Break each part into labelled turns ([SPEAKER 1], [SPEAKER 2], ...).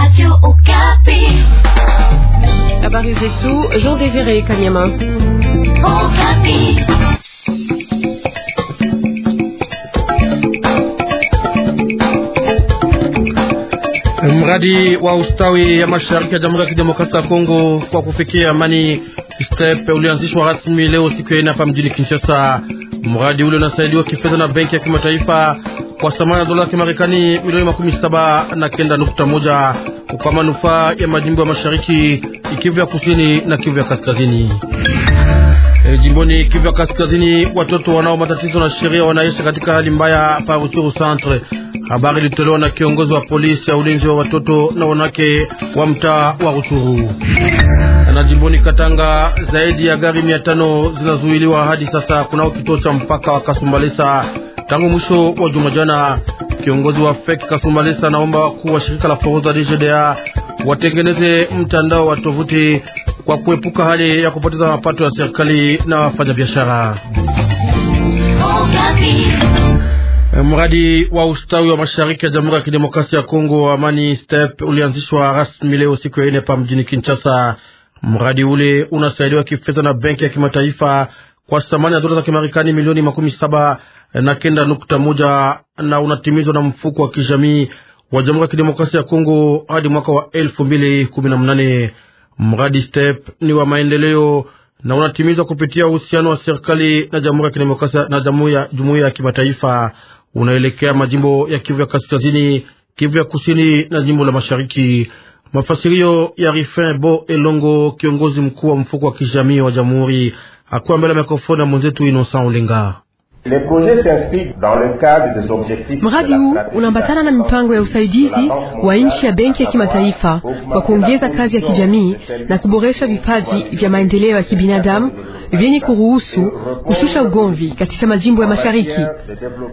[SPEAKER 1] Radio Okapi. Habari zetu Jean Désiré Kanyama.
[SPEAKER 2] Okapi. Mradi wa ustawi ya mashariki ya Jamhuri ya Kidemokrasia ya Kongo kwa kufikia amani STEP ulianzishwa rasmi leo siku ya ine hapa mjini Kinshasa. Mradi ule unasaidiwa kifedha na benki ya kimataifa kwa thamani ya dola ya Kimarekani milioni makumi saba na kenda nukta moja kwa manufaa ya majimbo ya mashariki, Kivu ya kusini na Kivu ya kaskazini. E, jimboni Kivu ya kaskazini, watoto wanao matatizo na sheria wanaishi katika hali mbaya pa Ruchuru Centre. Habari ilitolewa na kiongozi wa polisi ya ulinzi wa watoto na wanawake wa mtaa wa Ruchuru. Na jimboni Katanga, zaidi ya gari mia tano zinazuiliwa hadi sasa kunao kituo cha mpaka wa Kasumbalesa tangu mwisho wa juma jana. Kiongozi wa FEC Kasumbalesa naomba wakuu wa shirika la forodha DGDA watengeneze mtandao wa tovuti kwa kuepuka hali ya kupoteza mapato ya serikali na wafanyabiashara. Eh, mradi wa ustawi wa mashariki ya Jamhuri ya Kidemokrasia ya Kongo wa Amani Step ulianzishwa rasmi leo siku ya ine pa mjini Kinshasa. Mradi ule unasaidiwa kifedha na benki ya kimataifa kwa thamani ya dola za Kimarekani milioni makumi saba na kenda nukta moja na unatimizwa na mfuko wa kijamii wa Jamhuri ya Kidemokrasia ya Kongo hadi mwaka wa elfu mbili kumi na mnane. Mradi STEP ni wa maendeleo na unatimizwa kupitia uhusiano wa serikali na Jamhuri ya Kidemokrasia na Jumuiya ya Kimataifa, unaelekea majimbo ya Kivu ya Kaskazini, Kivu ya Kusini na jimbo la Mashariki. Mafasirio ya Rifin Bo Elongo, kiongozi mkuu wa mfuko wa kijamii wa Jamhuri, akuwa mbele ya mikrofoni ya mwenzetu Innocent Olenga.
[SPEAKER 3] Mradi
[SPEAKER 1] huu unaambatana na mipango ya usaidizi wa nchi ya Benki ya Kimataifa kwa kuongeza kazi ya kijamii na kuboresha vipaji vya maendeleo ya kibinadamu vyenye kuruhusu kushusha ugomvi katika majimbo ya mashariki.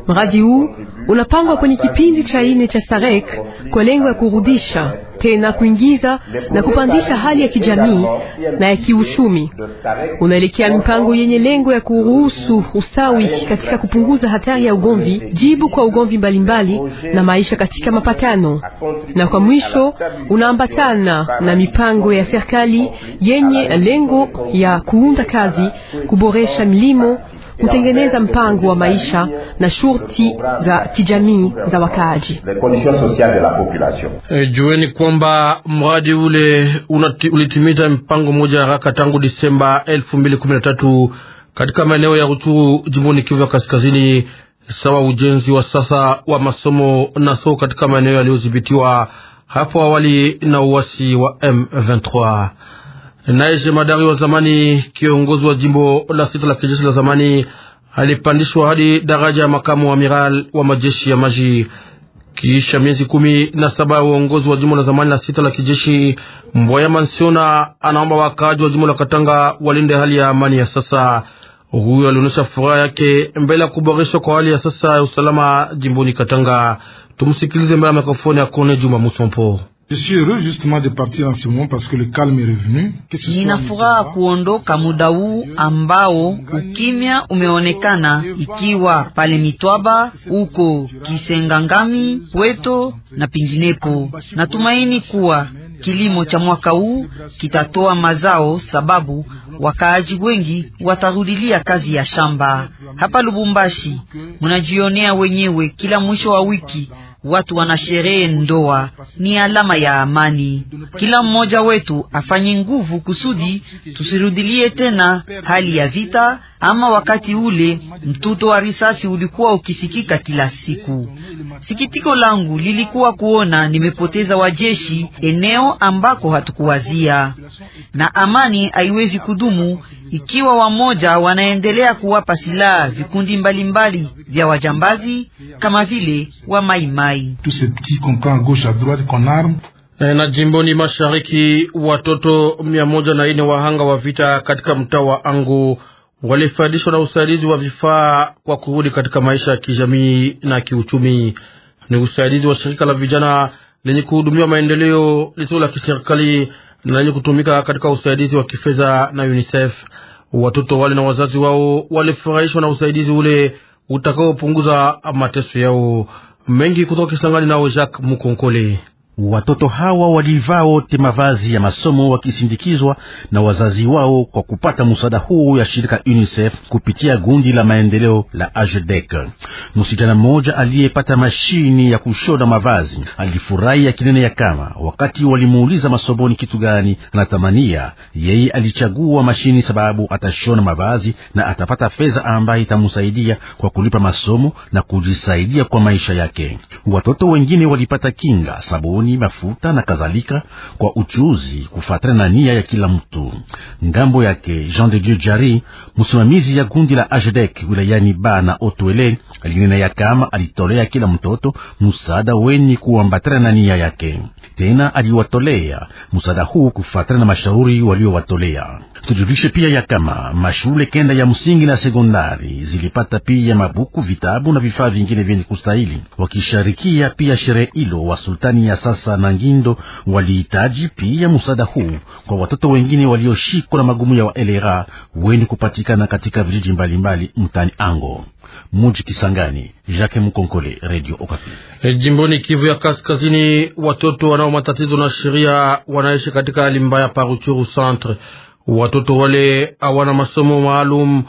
[SPEAKER 1] Mradi huu unapangwa kwenye kipindi cha nne cha SADC kwa lengo ya kurudisha tena kuingiza na kupandisha hali ya kijamii na ya kiuchumi. Unaelekea mipango yenye lengo ya kuruhusu usawi katika kupunguza hatari ya ugomvi, jibu kwa ugomvi mbalimbali mbali, na maisha katika mapatano, na kwa mwisho unaambatana na mipango ya serikali yenye lengo ya kuunda kazi, kuboresha milimo kutengeneza mpango wa maisha na shurti za kijamii za wakaaji.
[SPEAKER 3] Eh,
[SPEAKER 2] jueni kwamba mradi ule unati, ulitimiza mpango mmoja haraka tangu Disemba 2013 katika maeneo ya Ruchuru jimboni Kivu ya Kaskazini, sawa ujenzi wa sasa wa masomo na soko katika maeneo yaliyodhibitiwa hapo awali na uasi wa M23. Naye jemadari wa zamani kiongozi wa jimbo la sita la kijeshi la zamani alipandishwa hadi daraja ya makamu amiral wa majeshi ya maji kisha miezi kumi na saba ya uongozi wa jimbo la zamani la sita la kijeshi. Mbwaya Mansiona anaomba wakaaji wa jimbo la Katanga walinde hali ya amani ya sasa. Huyo alionyesha furaha yake mbele ya kuboreshwa kwa hali ya sasa ya usalama jimboni Katanga. Tumsikilize mbele ya mikrofoni ya Kone Juma Musompo. Nina furaha kuondoka muda huu ambao ukimya umeonekana, ikiwa pale Mitwaba, huko Kisengangami, Pweto na pinginepo. Natumaini kuwa kilimo cha mwaka huu kitatoa mazao, sababu
[SPEAKER 1] wakaaji wengi watarudilia kazi ya shamba. Hapa Lubumbashi munajionea
[SPEAKER 2] wenyewe kila mwisho wa wiki watu wanasherehe ndoa, ni alama ya amani. Kila mmoja wetu afanye nguvu kusudi tusirudilie tena hali ya vita, ama wakati ule mtuto wa risasi ulikuwa ukisikika kila siku. Sikitiko langu lilikuwa kuona nimepoteza wajeshi eneo ambako hatukuwazia, na amani haiwezi kudumu ikiwa wamoja wanaendelea kuwapa silaha vikundi mbalimbali vya
[SPEAKER 1] wajambazi kama vile wa maimai. Mai.
[SPEAKER 2] Eh, na jimboni mashariki, watoto mia moja na ine wahanga wa vita katika mtaa wa Angu walifaidishwa na usaidizi wa vifaa kwa kurudi katika maisha ya kijamii na kiuchumi. Ni usaidizi wa shirika la vijana lenye kuhudumia maendeleo lisilo la kiserikali na lenye kutumika katika usaidizi wa kifedha na UNICEF. Watoto wale na wazazi wao walifurahishwa na usaidizi ule utakaopunguza mateso yao mengi kutoka Kisangani nawe Jacques Mukonkole. Watoto
[SPEAKER 3] hawa walivaa wote mavazi ya masomo wakisindikizwa na wazazi wao kwa kupata msaada huu ya shirika UNICEF kupitia gundi la maendeleo la AJDEC. Msichana mmoja aliyepata mashini ya kushona mavazi alifurahi kinene ya kama wakati walimuuliza masomoni kitu gani anatamania, yeye alichagua mashini sababu atashona mavazi na atapata fedha ambayo itamsaidia kwa kulipa masomo na kujisaidia kwa maisha yake. Watoto wengine walipata kinga, sabuni, mafuta na kadhalika kwa uchuuzi, kufuatana na nia ya kila mtu. Ngambo yake Jean de Dieu Jari, msimamizi ya gundi la Ajedek wilayani Ba na Otwele, alinena ya kama alitolea kila mtoto msaada wenye kuambatana na nia yake. Tena aliwatolea msaada huu kufuatana na mashauri waliowatolea. Tujulishe pia ya kama mashule kenda ya msingi na sekondari zilipata pia mabuku, vitabu na vifaa vingine vyenye kustahili wakishari kushughulikia pia sherehe hilo. Wa sultani ya sasa na Ngindo walihitaji pia msaada huu kwa watoto wengine walioshikwa na magumu ya waelera weni kupatikana katika vijiji mbalimbali mtani ango muji Kisangani. Jacques Mkonkole, Radio Okapi.
[SPEAKER 2] E, jimboni Kivu ya Kaskazini, watoto wanao matatizo na sheria wanaishi katika hali mbaya paruchuru centre. Watoto wale hawana masomo maalum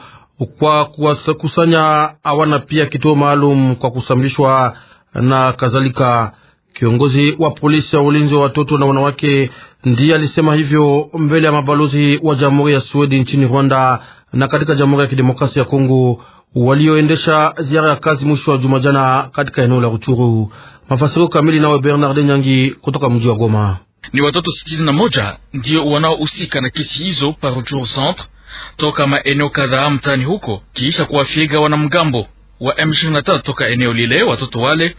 [SPEAKER 2] kwa kuwakusanya, hawana pia kituo maalum kwa kusamlishwa na kadhalika. Kiongozi wa polisi ya ulinzi wa watoto na wanawake ndiye alisema hivyo mbele ya mabalozi wa Jamhuri ya Swedi nchini Rwanda na katika Jamhuri ya Kidemokrasia ya Kongo walioendesha ziara ya kazi mwisho wa juma jana katika eneo la Ruchuru. Mafasiro kamili nawe Bernard Nyangi kutoka mji wa
[SPEAKER 3] Goma.
[SPEAKER 1] Ni watoto sitini na moja ndio wanaohusika na kesi hizo pa Ruchuru centre toka maeneo kadhaa mtaani huko, kiisha kuwafiega wanamgambo wa M23 toka eneo lile. Watoto wale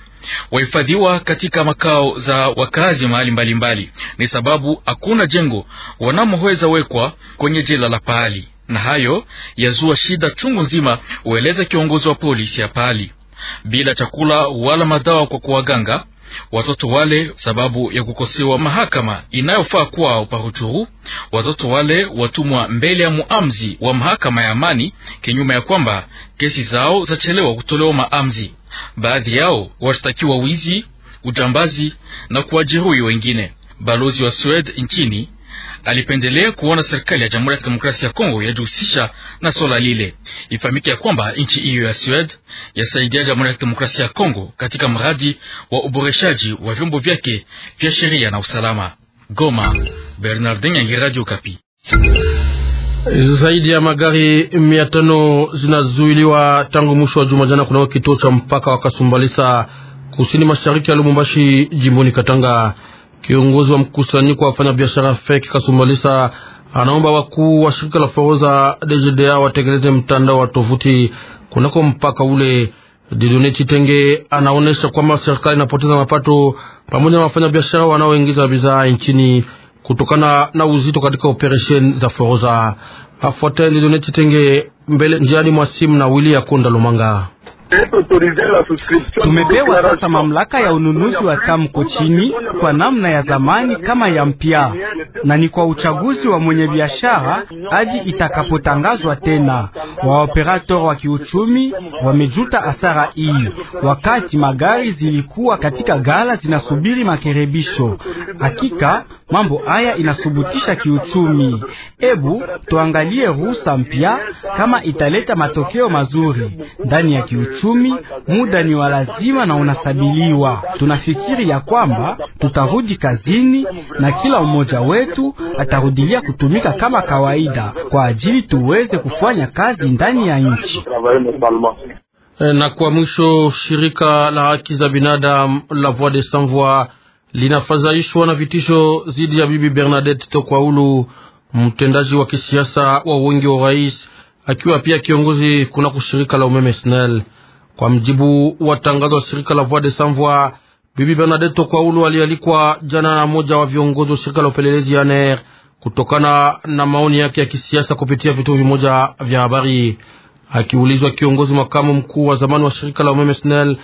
[SPEAKER 1] wahifadhiwa katika makao za wakazi mahali mbalimbali, ni sababu hakuna jengo wanamoweza wekwa kwenye jela la pahali, na hayo yazua shida chungu nzima, hueleza kiongozi wa polisi ya pahali, bila chakula wala madawa kwa kuwaganga watoto wale sababu ya kukosewa mahakama inayofaa kwao paruchuru. Watoto wale watumwa mbele ya muamzi wa mahakama ya amani, kinyume ya kwamba kesi zao zachelewa kutolewa maamzi. Baadhi yao washtakiwa wizi, ujambazi na kuwajeruhi wengine. Balozi wa Swed nchini alipendelea kuona serikali ya Jamhuri ya Kidemokrasia ya Kongo yajihusisha na swala lile. Ifahamike ya kwamba nchi hiyo ya Swed yasaidia Jamhuri ya Kidemokrasia ya Kongo katika mradi wa uboreshaji wa vyombo vyake vya sheria na
[SPEAKER 2] usalama. Goma, Bernardin
[SPEAKER 1] Yangi, Radio Kapi.
[SPEAKER 2] Zaidi ya magari mia tano zinazuiliwa tangu mwisho wa juma jana kunao kituo cha mpaka wa Kasumbalisa kusini mashariki ya Lubumbashi jimboni Katanga. Kiongozi wa mkusanyiko wa wafanyabiashara FEC Kasumbalisa anaomba wakuu wa shirika la forodha DGDA watengeneze mtandao wa tovuti kunako mpaka ule. Didone Chitenge anaonesha kwamba serikali inapoteza mapato pamoja na wafanyabiashara wanaoingiza bidhaa nchini kutokana na uzito katika operesheni za forodha. Afuatae Didone Chitenge mbele njiani mwa simu na Wili ya Konda Lumanga.
[SPEAKER 1] Tumepewa sasa mamlaka ya ununuzi wa tamko chini kwa namna ya zamani kama ya mpya, na ni kwa uchaguzi wa mwenye biashara hadi itakapotangazwa tena. Waoperator wa kiuchumi wamejuta asara hii, wakati magari zilikuwa katika gala zinasubiri makerebisho. Hakika mambo haya inasubutisha kiuchumi. Ebu tuangalie ruhusa mpya kama italeta matokeo mazuri ndani ya kiuchumi uchumi, muda ni wa lazima na unasabiliwa. Tunafikiri ya kwamba tutarudi kazini na kila mmoja wetu atarudilia kutumika kama kawaida kwa ajili tuweze kufanya kazi ndani ya
[SPEAKER 2] nchi. Eh, na kwa mwisho, shirika la haki za binadamu la Voix des Sans Voix linafadhaishwa na vitisho dhidi ya bibi Bernadette Tokwaulu, mtendaji wa kisiasa wa wengi wa rais, akiwa pia kiongozi kuna kushirika la umeme SNEL. Kwa mjibu wa tangazo la shirika la Voix des Sans Voix, bibi Bernadette Kwaulu alialikwa jana na moja wa viongozi wa shirika la upelelezi ya kutokana na maoni yake ya kisiasa kupitia vituo vimoja vya habari. Akiulizwa, kiongozi makamu mkuu wa zamani wa shirika la umeme SNEL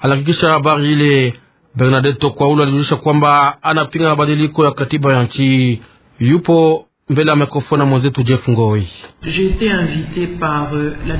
[SPEAKER 2] alihakikisha habari ile. Bernadette Kwaulu alijulisha kwamba anapinga mabadiliko ya katiba ya nchi yupo mbele ya mikrofoni mwenzetu Jeff Ngoi.
[SPEAKER 3] Euh,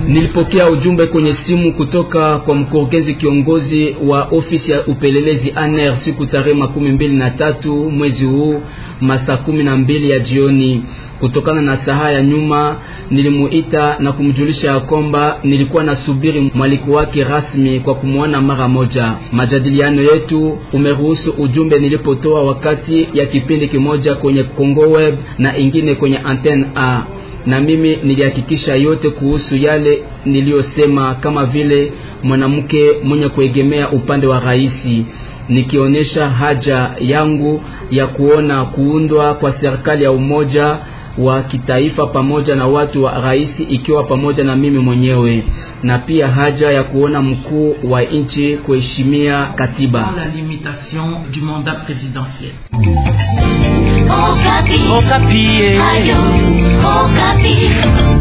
[SPEAKER 3] Nilipokea
[SPEAKER 2] ujumbe kwenye simu kutoka kwa mkurugenzi
[SPEAKER 1] kiongozi wa ofisi ya upelelezi ANR siku tarehe makumi mbili na tatu mwezi huu masaa kumi na mbili ya jioni. Kutokana na saha ya nyuma, nilimuita na kumjulisha ya kwamba nilikuwa nasubiri mwaliko wake rasmi kwa kumwona mara moja. Majadiliano yetu umeruhusu ujumbe nilipotoa wakati ya kipindi kimoja kwenye Kongo Web na ingi nyingine kwenye antenne A, na mimi nilihakikisha yote kuhusu yale niliyosema, kama vile mwanamke mwenye kuegemea upande wa rais, nikionyesha haja yangu ya kuona kuundwa kwa serikali ya umoja wa kitaifa pamoja na watu wa rais ikiwa pamoja na mimi mwenyewe, na pia haja ya kuona mkuu wa nchi kuheshimia katiba. La Okapi. Okapi. Eh.